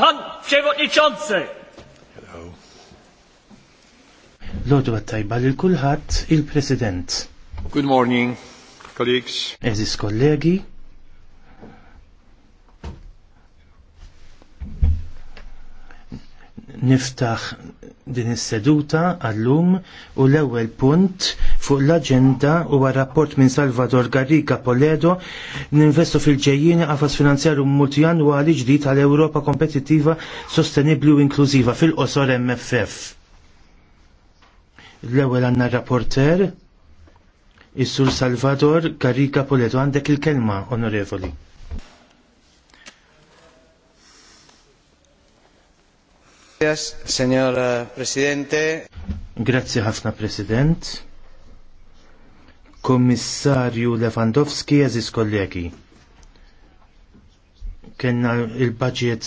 Han, Pan Przewodniczący! Hello. Lodu għattajba li l kulħadd il-President. Good morning, colleagues. Eżis kollegi. niftaħ din is-seduta għallum u l-ewwel punt fuq l-aġenda huwa rapport minn Salvador Garriga Poledo ninvestu fil ġejjin qafas finanzjarju multijanwali ġdid għal Ewropa kompetittiva, sostenibbli u inklużiva fil-qosor MFF. L-ewwel għandna rapporter is-Sur Salvador Garriga Poledo għandek il-kelma, onorevoli. Signor Presidente. Grazie ħafna President. Kommissarju Lewandowski, eżis kollegi. Kenna il-budget